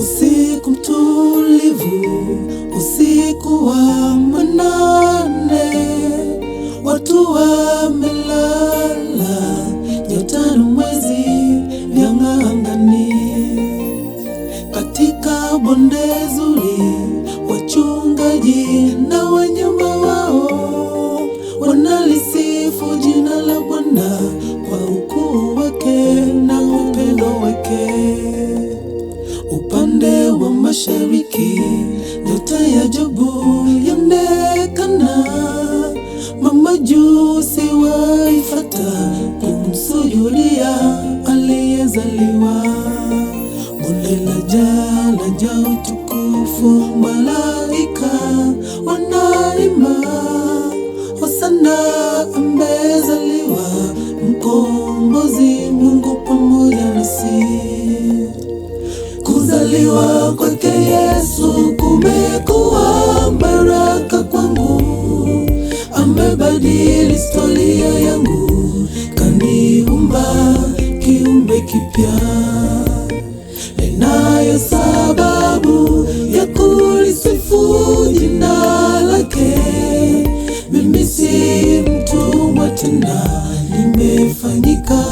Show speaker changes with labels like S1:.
S1: usiku mtulivu, usiku wa manane, watu wamelala, nyota na mwezi vyang'aa katika bonde zuri, wachungaji na wanyama wao wanalisi mashariki, nyota ya ajabu yaonekana, mama juu siwaifata kumsujudia aliyezaliwa bonde la jala ja utukufu, malaika wanaimba hosana, amezaliwa mkombozi, Mungu pamoja nasi kuzaliwa kwa Yesu kumekuwa baraka kwangu, amebadili historia yangu, kaniumba kiumbe kipya. Ninayo sababu ya kulisifu jina lake. Mimi si mtumwa tena, nimefanyika